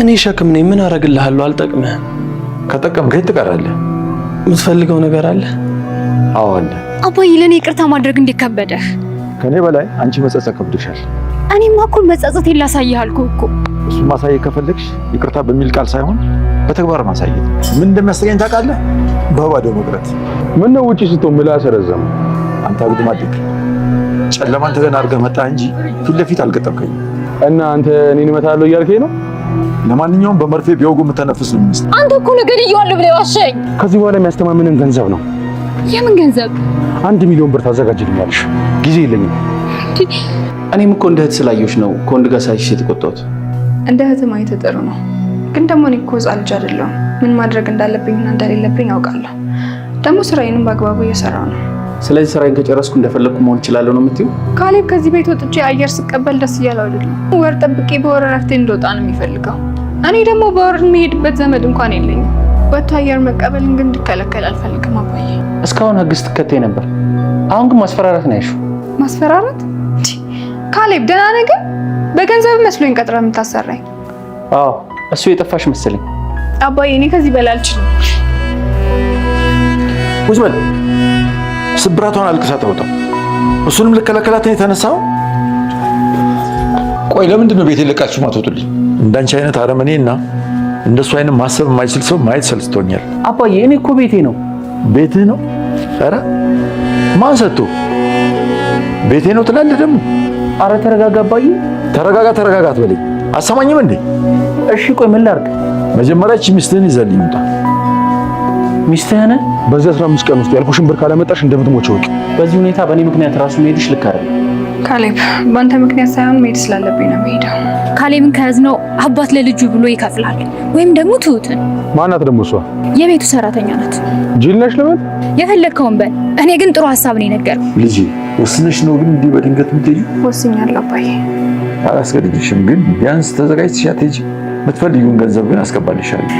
እኔ ሸክም ነኝ። ምን አደርግልሃለሁ? አልጠቅምህም። ከጠቀምከኝ ትቀራለህ። የምትፈልገው ነገር አለ? አዎ አለ። አባዬ፣ ለእኔ ይቅርታ ማድረግ እንዴት ከበደህ? ከእኔ በላይ አንቺ መጸጸት ከብዶሻል። እኔማ እኮ መጸጸት ላሳይህ አልኩህ እኮ። እሱ ማሳየት ከፈለግሽ ይቅርታ በሚል ቃል ሳይሆን በተግባር ማሳየት። ምን እንደሚያስገኝ ታውቃለህ? በባዶ መቅረት። ምን ነው ውጪ ስቶ ምላስ ረዘመ። አንተ አግጥማጥቅ ጨለማን ተገና አድርገህ መጣህ እንጂ ፊት ለፊት እና አንተ እኔን እመታለሁ እያልከኝ ነው? ለማንኛውም በመርፌ ቢወጉ የምተነፍስ ነው ሚስት። አንተ እኮ ነገር ገድዬዋለሁ ብለህ ዋሸኝ። ከዚህ በኋላ የሚያስተማምንን ገንዘብ ነው። የምን ገንዘብ? አንድ ሚሊዮን ብር ታዘጋጅልኛለሽ? ጊዜ የለኝም። እኔም እኮ እንደ እህት ስላየሁሽ ነው ከወንድ ጋር ሳይሽ የተቆጣሁት። እንደ እህት ማየት ጥሩ ነው፣ ግን ደግሞ እኔ እኮ ሕፃን ልጅ አይደለሁም። ምን ማድረግ እንዳለብኝና እንደሌለብኝ አውቃለሁ። ደግሞ ስራዬንም በአግባቡ እየሰራሁ ነው። ስለዚህ ስራዬን ከጨረስኩ እንደፈለግኩ መሆን እችላለሁ ነው የምትይው? ካሌብ ከዚህ ቤት ወጥቼ አየር ስቀበል ደስ እያለው አይደለም። ወር ጠብቄ በወር እረፍቴ እንደወጣ ነው የሚፈልገው። እኔ ደግሞ በወር የሚሄድበት ዘመድ እንኳን የለኝም። ወጥቶ አየር መቀበልን ግን እንድከለከል አልፈልግም አባዬ። እስካሁን ህግ ስትከተይ ነበር፣ አሁን ግን ማስፈራራት ነው ያልሺው። ማስፈራራት? ካሌብ ደህና ነህ ግን? በገንዘብ መስሎኝ ቀጥረ የምታሰራኝ። አዎ እሱ የጠፋሽ መስለኝ አባዬ። እኔ ከዚህ በላይ አልችልም። ስብራቷን አልቅሳ ተወጣ። እሱንም ልከላከላትን የተነሳው ቆይ፣ ለምንድን ነው ቤቴን ለቃችሁ ማትወጡልኝ? እንዳንቺ አይነት አረመኔ እና እንደሱ አይነት ማሰብ የማይችል ሰው ማየት ሰልስቶኛል። አባዬ፣ እኔ እኮ ቤቴ ነው። ቤትህ ነው? ኧረ ማን ሰጥቶ ቤቴ ነው ትላለህ ደግሞ? አረ ተረጋጋ አባዬ፣ ተረጋጋ ተረጋጋት አትበለኝ። አሰማኝም እንዴ? እሺ ቆይ ምን ላድርግ? መጀመሪያ እቺ ሚስትህን ይዘህልኝ ውጣ። ሚስትህ ነህ? በዚህ 15 ቀን ውስጥ ያልኩሽን ብር ካላመጣሽ እንደምትሞች ወቂ። በዚህ ሁኔታ በእኔ ምክንያት ራሱ መሄድሽ ልክ አይደለም። ካሌብ፣ በአንተ ምክንያት ሳይሆን መሄድ ስላለብኝ ነው የምሄደው። ካሌብን ከያዝነው አባት ለልጁ ብሎ ይከፍላል፣ ወይም ደግሞ ትሁትን። ማናት ደግሞ እሷ? የቤቱ ሰራተኛ ናት። ጅል ነሽ ልበል? የፈለግከውን በል። እኔ ግን ጥሩ ሀሳብ ነው የነገርኩ። ልጄ፣ ወስነሽ ነው ግን እንዲህ በድንገት ምትይ? ወስኛለሁ አባዬ። አላስገድድሽም፣ ግን ቢያንስ ተዘጋጅተሽ አትሄጂም። የምትፈልጊውን ገንዘብ ግን አስገባልሻለሁ።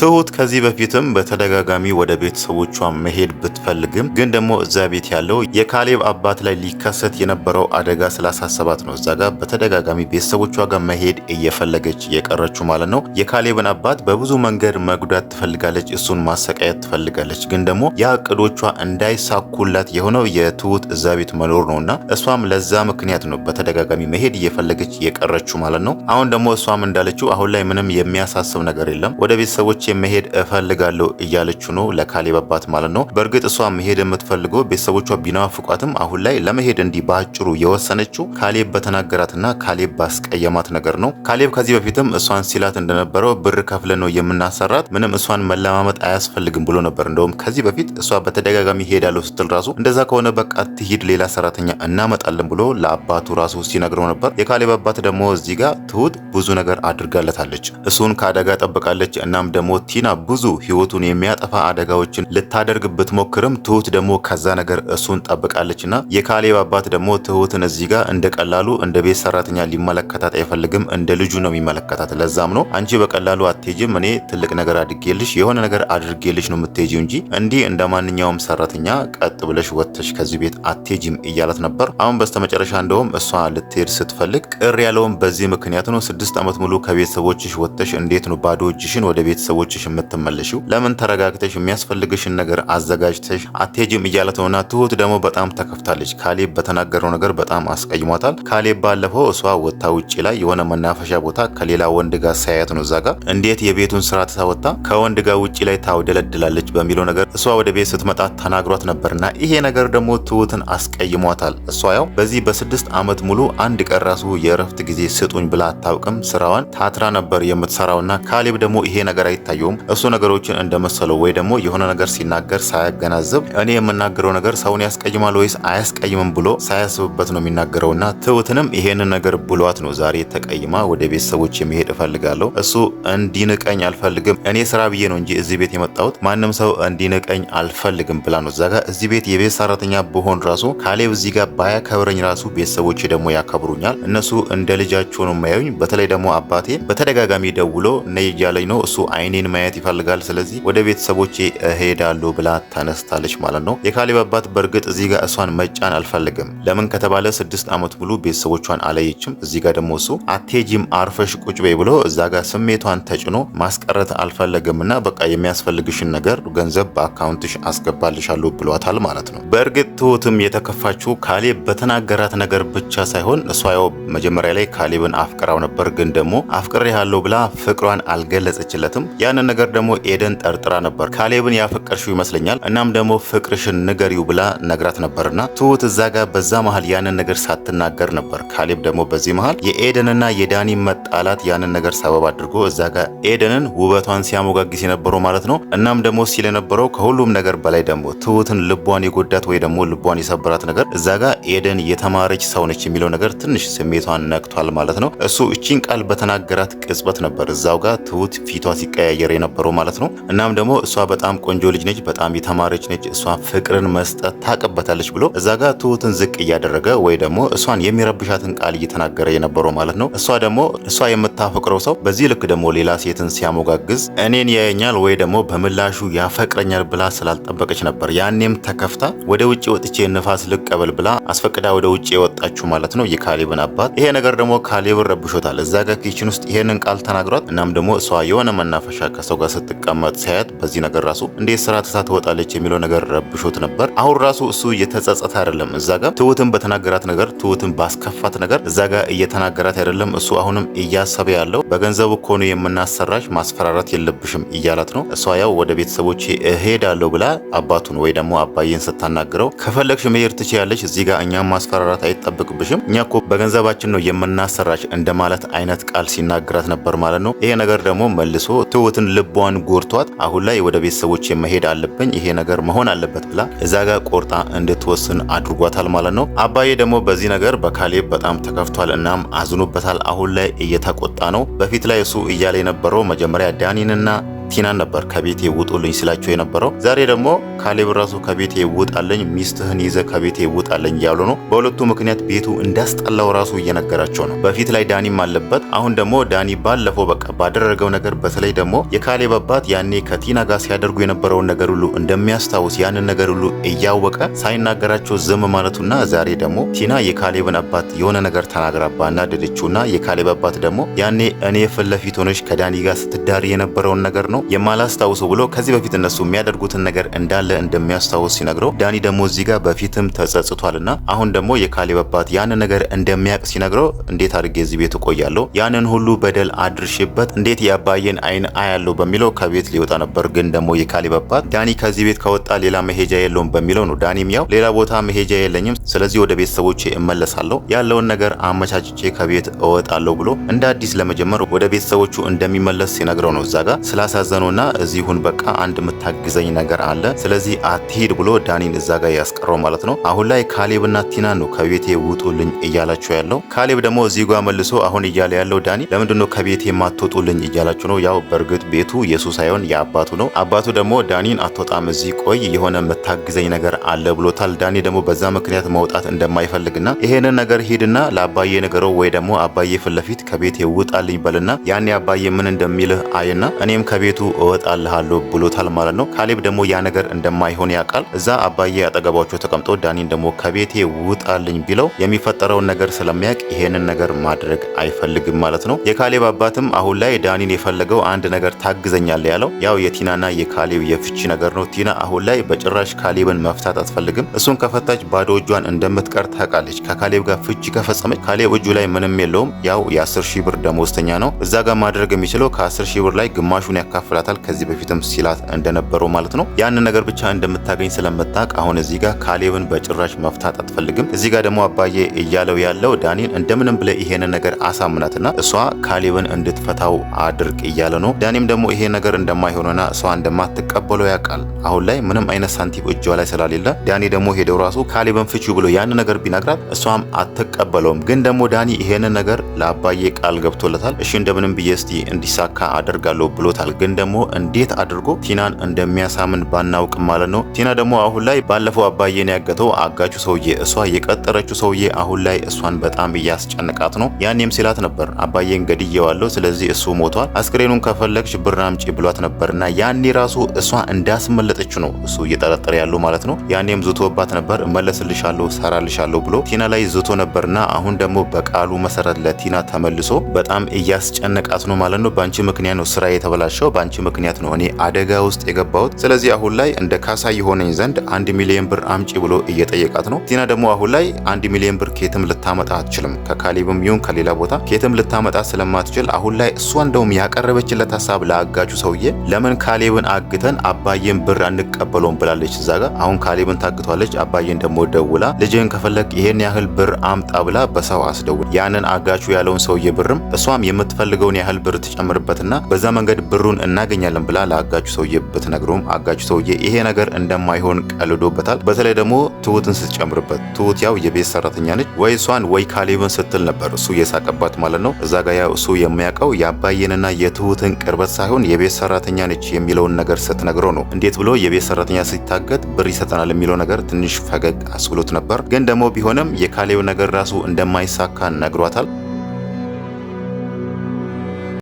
ትሁት ከዚህ በፊትም በተደጋጋሚ ወደ ቤተሰቦቿ መሄድ ብትፈልግም ግን ደግሞ እዛ ቤት ያለው የካሌብ አባት ላይ ሊከሰት የነበረው አደጋ ስላሳሰባት ነው እዛ ጋር በተደጋጋሚ ቤተሰቦቿ ጋር መሄድ እየፈለገች እየቀረችው ማለት ነው። የካሌብን አባት በብዙ መንገድ መጉዳት ትፈልጋለች፣ እሱን ማሰቃየት ትፈልጋለች። ግን ደግሞ ያ ቅዶቿ እንዳይሳኩላት የሆነው የትሁት እዛ ቤት መኖር ነው እና እሷም ለዛ ምክንያት ነው በተደጋጋሚ መሄድ እየፈለገች እየቀረችው ማለት ነው። አሁን ደግሞ እሷም እንዳለችው አሁን ላይ ምንም የሚያሳስብ ነገር የለም ወደ ቤተሰቦች መሄድ እፈልጋለሁ እያለች ነው ለካሌብ አባት ማለት ነው። በእርግጥ እሷ መሄድ የምትፈልገው ቤተሰቦቿ ቢናፍቋትም አሁን ላይ ለመሄድ እንዲህ በአጭሩ የወሰነችው ካሌብ በተናገራትና ካሌብ ባስቀየማት ነገር ነው። ካሌብ ከዚህ በፊትም እሷን ሲላት እንደነበረው ብር ከፍለ ነው የምናሰራት፣ ምንም እሷን መለማመጥ አያስፈልግም ብሎ ነበር። እንደውም ከዚህ በፊት እሷ በተደጋጋሚ ሄዳለሁ ስትል ራሱ እንደዛ ከሆነ በቃ ትሂድ፣ ሌላ ሰራተኛ እናመጣለን ብሎ ለአባቱ ራሱ ሲነግረው ነበር። የካሌብ አባት ደግሞ እዚህ ጋር ትሁት ብዙ ነገር አድርጋለታለች፣ እሱን ከአደጋ ጠብቃለች። እናም ደግሞ ቲና ብዙ ህይወቱን የሚያጠፋ አደጋዎችን ልታደርግ ብትሞክርም ትሁት ደግሞ ከዛ ነገር እሱን ጠብቃለች ና የካሌብ አባት ደግሞ ትሁትን እዚህ ጋር እንደ ቀላሉ እንደ ቤት ሰራተኛ ሊመለከታት አይፈልግም። እንደ ልጁ ነው የሚመለከታት። ለዛም ነው አንቺ በቀላሉ አትሄጂም፣ እኔ ትልቅ ነገር አድጌልሽ የሆነ ነገር አድርጌልሽ ነው የምትሄጂው እንጂ እንዲህ እንደ ማንኛውም ሰራተኛ ቀጥ ብለሽ ወጥተሽ ከዚህ ቤት አትሄጂም እያላት ነበር። አሁን በስተመጨረሻ እንደውም እሷ ልትሄድ ስትፈልግ ቅር ያለውም በዚህ ምክንያት ነው። ስድስት ዓመት ሙሉ ከቤተሰቦችሽ ወጥተሽ እንዴት ነው ባዶ እጅሽን ወደ ቤተሰቦች ቤተሰቦችሽ የምትመለሺው? ለምን ተረጋግተሽ የሚያስፈልግሽን ነገር አዘጋጅተሽ አትሄጂም? እያለት ነውና ትሁት ደግሞ በጣም ተከፍታለች። ካሌብ በተናገረው ነገር በጣም አስቀይሟታል። ካሌብ ባለፈው እሷ ወታ ውጭ ላይ የሆነ መናፈሻ ቦታ ከሌላ ወንድ ጋር ሳያት ነው እዛ ጋር እንዴት የቤቱን ስራ ተሳወታ ከወንድ ጋር ውጭ ላይ ታውደለድላለች በሚለው ነገር እሷ ወደ ቤት ስትመጣ ተናግሯት ነበርና ይሄ ነገር ደግሞ ትሁትን አስቀይሟታል። እሷ ያው በዚህ በስድስት ዓመት ሙሉ አንድ ቀን ራሱ የእረፍት ጊዜ ስጡኝ ብላ አታውቅም። ስራዋን ታትራ ነበር የምትሰራውና ካሌብ ደግሞ ይሄ ነገር አይታ አላሳየውም። እሱ ነገሮችን እንደመሰለው ወይ ደግሞ የሆነ ነገር ሲናገር ሳያገናዝብ እኔ የምናገረው ነገር ሰውን ያስቀይማል ወይስ አያስቀይምም ብሎ ሳያስብበት ነው የሚናገረውና ትሁትንም ይሄንን ነገር ብሏት ነው ዛሬ ተቀይማ ወደ ቤተሰቦች የሚሄድ እፈልጋለሁ። እሱ እንዲንቀኝ አልፈልግም እኔ ስራ ብዬ ነው እንጂ እዚህ ቤት የመጣሁት ማንም ሰው እንዲንቀኝ አልፈልግም ብላ ነው እዛ ጋር እዚህ ቤት የቤት ሰራተኛ ብሆን ራሱ ካሌብ እዚህ ጋር ባያከብረኝ ራሱ ቤተሰቦች ደግሞ ያከብሩኛል። እነሱ እንደ ልጃቸው ነው የማያዩኝ። በተለይ ደግሞ አባቴ በተደጋጋሚ ደውሎ ነይ እያለኝ ነው እሱ አይኔ ልጆቼን ማየት ይፈልጋል፣ ስለዚህ ወደ ቤተሰቦቼ እሄዳለሁ ብላ ተነስታለች ማለት ነው። የካሌብ አባት በእርግጥ እዚህ ጋር እሷን መጫን አልፈልግም። ለምን ከተባለ ስድስት ዓመት ሙሉ ቤተሰቦቿን አለየችም። እዚህ ጋር ደግሞ እሱ አቴጂም አርፈሽ ቁጭ በይ ብሎ እዛ ጋር ስሜቷን ተጭኖ ማስቀረት አልፈለግም እና በቃ የሚያስፈልግሽን ነገር ገንዘብ በአካውንትሽ አስገባልሻለሁ ብሏታል ማለት ነው። በእርግጥ ትሁትም የተከፋችው ካሌብ በተናገራት ነገር ብቻ ሳይሆን እሷ ያው መጀመሪያ ላይ ካሌብን አፍቅራው ነበር፣ ግን ደግሞ አፍቅሬ ያለው ብላ ፍቅሯን አልገለጸችለትም። ያ ያንን ነገር ደግሞ ኤደን ጠርጥራ ነበር። ካሌብን ያፈቀርሽው ይመስለኛል እናም ደግሞ ፍቅርሽን ንገሪው ብላ ነግራት ነበርና ትሁት እዛ ጋር በዛ መሀል ያንን ነገር ሳትናገር ነበር። ካሌብ ደግሞ በዚህ መሀል የኤደንና የዳኒ መጣላት ያንን ነገር ሰበብ አድርጎ እዛ ጋር ኤደንን ውበቷን ሲያሞጋግስ የነበረው ማለት ነው። እናም ደግሞ ሲል የነበረው ከሁሉም ነገር በላይ ደግሞ ትሁትን ልቧን የጎዳት ወይ ደግሞ ልቧን የሰበራት ነገር እዛ ጋር ኤደን የተማረች ሰው ነች የሚለው ነገር ትንሽ ስሜቷን ነክቷል ማለት ነው። እሱ እቺን ቃል በተናገራት ቅጽበት ነበር እዛው ጋር ትሁት ፊቷ ሲቀያየር ሲቀየር የነበረው ማለት ነው። እናም ደግሞ እሷ በጣም ቆንጆ ልጅ ነች፣ በጣም የተማረች ነች፣ እሷ ፍቅርን መስጠት ታቅበታለች ብሎ እዛ ጋር ትሁትን ዝቅ እያደረገ ወይ ደግሞ እሷን የሚረብሻትን ቃል እየተናገረ የነበረው ማለት ነው። እሷ ደግሞ እሷ የምታፈቅረው ሰው በዚህ ልክ ደግሞ ሌላ ሴትን ሲያሞጋግዝ እኔን ያየኛል ወይ ደግሞ በምላሹ ያፈቅረኛል ብላ ስላልጠበቀች ነበር። ያኔም ተከፍታ ወደ ውጭ ወጥቼ ንፋስ ልቀበል ብላ አስፈቅዳ ወደ ውጭ የወጣችሁ ማለት ነው የካሌብን አባት። ይሄ ነገር ደግሞ ካሌብን ረብሾታል። እዛ ጋ ኪችን ውስጥ ይሄንን ቃል ተናግሯት። እናም ደግሞ እሷ የሆነ መናፈሻ ከሰው ጋር ስትቀመጥ ሲያያት በዚህ ነገር ራሱ እንዴት ስራ ትታ ትወጣለች የሚለው ነገር ረብሾት ነበር። አሁን ራሱ እሱ እየተጸጸተ አይደለም። እዛ ጋ ትሁትን በተናገራት ነገር፣ ትሁትን ባስከፋት ነገር እዛ ጋ እየተናገራት አይደለም። እሱ አሁንም እያሰ እየቀረበ ያለው በገንዘቡ እኮ ነው የምናሰራሽ፣ ማስፈራራት የለብሽም እያላት ነው። እሷ ያው ወደ ቤተሰቦች እሄዳለሁ ብላ አባቱን ወይ ደግሞ አባዬን ስታናግረው ከፈለግሽ መሄድ ትችያለሽ፣ እዚህ ጋር እኛም ማስፈራራት አይጠብቅብሽም እኛ እኮ በገንዘባችን ነው የምናሰራሽ እንደማለት አይነት ቃል ሲናገራት ነበር ማለት ነው። ይሄ ነገር ደግሞ መልሶ ትሁትን ልቧን ጎርቷት አሁን ላይ ወደ ቤተሰቦች መሄድ አለብኝ፣ ይሄ ነገር መሆን አለበት ብላ እዛ ጋር ቆርጣ እንድትወስን አድርጓታል ማለት ነው። አባዬ ደግሞ በዚህ ነገር በካሌብ በጣም ተከፍቷል፣ እናም አዝኖበታል። አሁን ላይ እየተቆጣ የወጣ ነው። በፊት ላይ እሱ እያለ የነበረው መጀመሪያ ዳኒንና ቲናን ነበር ከቤቴ ውጡልኝ ስላቸው የነበረው። ዛሬ ደግሞ ካሌብ ራሱ ከቤቴ ውጣለኝ፣ ሚስትህን ይዘ ከቤቴ ውጣለኝ እያሉ ነው። በሁለቱ ምክንያት ቤቱ እንዳስጠላው ራሱ እየነገራቸው ነው። በፊት ላይ ዳኒም አለበት። አሁን ደግሞ ዳኒ ባለፈው በቃ ባደረገው ነገር በተለይ ደግሞ የካሌብ አባት ያኔ ከቲና ጋር ሲያደርጉ የነበረውን ነገር ሁሉ እንደሚያስታውስ ያንን ነገር ሁሉ እያወቀ ሳይናገራቸው ዝም ማለቱና ዛሬ ደግሞ ቲና የካሌብን አባት የሆነ ነገር ተናግራባና ደደችውና የካሌብ አባት ደግሞ ያኔ እኔ ፊት ለፊት ሆነች ከዳኒ ጋር ስትዳሪ የነበረውን ነገር ነው የማላስታውሰው ብሎ ከዚህ በፊት እነሱ የሚያደርጉትን ነገር እንዳለ እንደሚያስታውስ ሲነግረው ዳኒ ደግሞ እዚህ ጋር በፊትም ተጸጽቷልና አሁን ደግሞ የካሌብ አባት ያንን ነገር እንደሚያውቅ ሲነግረው እንዴት አድርጌ እዚህ ቤት እቆያለሁ ያንን ሁሉ በደል አድርሽበት እንዴት የአባዬን አይን አያለው በሚለው ከቤት ሊወጣ ነበር። ግን ደግሞ የካሌብ አባት ዳኒ ከዚህ ቤት ከወጣ ሌላ መሄጃ የለውም በሚለው ነው። ዳኒም ያው ሌላ ቦታ መሄጃ የለኝም፣ ስለዚህ ወደ ቤተሰቦቼ እመለሳለሁ፣ ያለውን ነገር አመቻችቼ ከቤት እወጣለሁ ብሎ እንደ አዲስ ለመጀመር ወደ ቤተሰቦቹ እንደሚመለስ ሲነግረው ነው እዛ ጋር ስላሳዘነውና እዚሁን በቃ አንድ የምታግዘኝ ነገር አለ ስለ ስለዚህ አትሄድ ብሎ ዳኒን እዛ ጋር ያስቀረው ማለት ነው። አሁን ላይ ካሌብና ቲና ነው ከቤቴ ውጡልኝ እያላቸው ያለው። ካሌብ ደግሞ እዚህ ጋር መልሶ አሁን እያለ ያለው ዳኒ ለምንድን ነው ከቤቴ የማትወጡልኝ እያላችሁ ነው። ያው በእርግጥ ቤቱ የሱ ሳይሆን የአባቱ ነው። አባቱ ደግሞ ዳኒን አትወጣም እዚህ ቆይ የሆነ የምታግዘኝ ነገር አለ ብሎታል። ዳኒ ደግሞ በዛ ምክንያት መውጣት እንደማይፈልግና ይሄንን ነገር ሂድና ለአባዬ ነገረው ወይ ደግሞ አባዬ ፊት ለፊት ከቤቴ ውጣልኝ በልና ያኔ አባዬ ምን እንደሚልህ አይና እኔም ከቤቱ እወጣልሃለሁ ብሎታል ማለት ነው። ካሌብ ደግሞ ያ ነገር እንደ እንደማይሆን ያውቃል። እዛ አባዬ አጠገባቸው ተቀምጦ ዳኒን ደግሞ ከቤቴ ውጣልኝ ቢለው የሚፈጠረውን ነገር ስለሚያውቅ ይሄንን ነገር ማድረግ አይፈልግም ማለት ነው። የካሌብ አባትም አሁን ላይ ዳኒን የፈለገው አንድ ነገር ታግዘኛለ ያለው ያው የቲናና የካሌብ የፍቺ ነገር ነው። ቲና አሁን ላይ በጭራሽ ካሌብን መፍታት አትፈልግም። እሱን ከፈታች ባዶ እጇን እንደምትቀር ታውቃለች። ከካሌብ ጋር ፍቺ ከፈጸመች ካሌብ እጁ ላይ ምንም የለውም። ያው የአስር ሺህ ብር ደሞዝተኛ ነው። እዛ ጋር ማድረግ የሚችለው ከአስር ሺህ ብር ላይ ግማሹን ያካፍላታል። ከዚህ በፊትም ሲላት እንደነበረው ማለት ነው። ያን ነገር ብቻ ብቻ እንደምታገኝ ስለምታውቅ አሁን እዚህ ጋር ካሌብን በጭራሽ መፍታት አትፈልግም። እዚህ ጋር ደግሞ አባዬ እያለው ያለው ዳኒን እንደምንም ብለ ይሄንን ነገር አሳምናትና እሷ ካሌብን እንድትፈታው አድርግ እያለ ነው። ዳኒም ደግሞ ይሄ ነገር እንደማይሆንና እሷ እንደማትቀበለው ያውቃል። አሁን ላይ ምንም አይነት ሳንቲም እጇ ላይ ስላሌለ ዳኒ ደግሞ ሄደው ራሱ ካሌብን ፍቺ ብሎ ያን ነገር ቢነግራት እሷም አትቀበለውም። ግን ደግሞ ዳኒ ይሄንን ነገር ለአባዬ ቃል ገብቶለታል። እሺ እንደምንም ብዬ እስቲ እንዲሳካ አደርጋለሁ ብሎታል። ግን ደግሞ እንዴት አድርጎ ቲናን እንደሚያሳምን ባናውቅም ማለት ነው። ቲና ደግሞ አሁን ላይ ባለፈው አባዬን ያገተው አጋቹ ሰውዬ እሷ የቀጠረችው ሰውዬ አሁን ላይ እሷን በጣም እያስጨነቃት ነው። ያኔም ሲላት ነበር አባዬን ገድዬዋለሁ፣ ስለዚህ እሱ ሞቷል፣ አስክሬኑን ከፈለግሽ ብር አምጪ ብሏት ነበርና ያኔ ራሱ እሷ እንዳስመለጠችው ነው እሱ እየጠረጠረ ያለው ማለት ነው። ያኔም ዝቶባት ነበር እመለስልሻለሁ፣ ሰራልሻለሁ ብሎ ቲና ላይ ዝቶ ነበርና አሁን ደግሞ በቃሉ መሰረት ለቲና ተመልሶ በጣም እያስጨነቃት ነው ማለት ነው። በአንቺ ምክንያት ነው ስራ የተበላሸው፣ በአንቺ ምክንያት ነው እኔ አደጋ ውስጥ የገባሁት። ስለዚህ አሁን ላይ እንደ ካሳ የሆነኝ ዘንድ አንድ ሚሊዮን ብር አምጪ ብሎ እየጠየቃት ነው። ቲና ደግሞ አሁን ላይ አንድ ሚሊዮን ብር ኬትም ልታመጣ አትችልም። ከካሊብም ይሁን ከሌላ ቦታ ኬትም ልታመጣ ስለማትችል አሁን ላይ እሷ እንደውም ያቀረበችለት ሀሳብ ለአጋቹ ሰውዬ ለምን ካሌብን አግተን አባዬን ብር አንቀበለውም ብላለች። እዛ ጋር አሁን ካሌብን ታግቷለች። አባዬን ደግሞ ደውላ ልጅህን ከፈለግ ይሄን ያህል ብር አምጣ ብላ በሰው አስደውል ያንን አጋቹ ያለውን ሰውዬ ብርም እሷም የምትፈልገውን ያህል ብር ትጨምርበትና በዛ መንገድ ብሩን እናገኛለን ብላ ለአጋቹ ሰውዬ ብትነግረውም አጋቹ ሰውዬ ይሄ ነገር እንደማይሆን ቀልዶበታል። በተለይ ደግሞ ትሁትን ስትጨምርበት ትሁት ያው የቤት ሰራተኛ ነች ወይ እሷን ወይ ካሌብን ስትል ነበር እሱ የሳቀባት ማለት ነው። እዛ ጋ ያው እሱ የሚያውቀው የአባየንና የትሁትን ቅርበት ሳይሆን የቤት ሰራተኛ ነች የሚለውን ነገር ስትነግረው ነው። እንዴት ብሎ የቤት ሰራተኛ ሲታገት ብር ይሰጠናል የሚለው ነገር ትንሽ ፈገግ አስብሎት ነበር። ግን ደግሞ ቢሆንም የካሌብ ነገር ራሱ እንደማይሳካ ነግሯታል።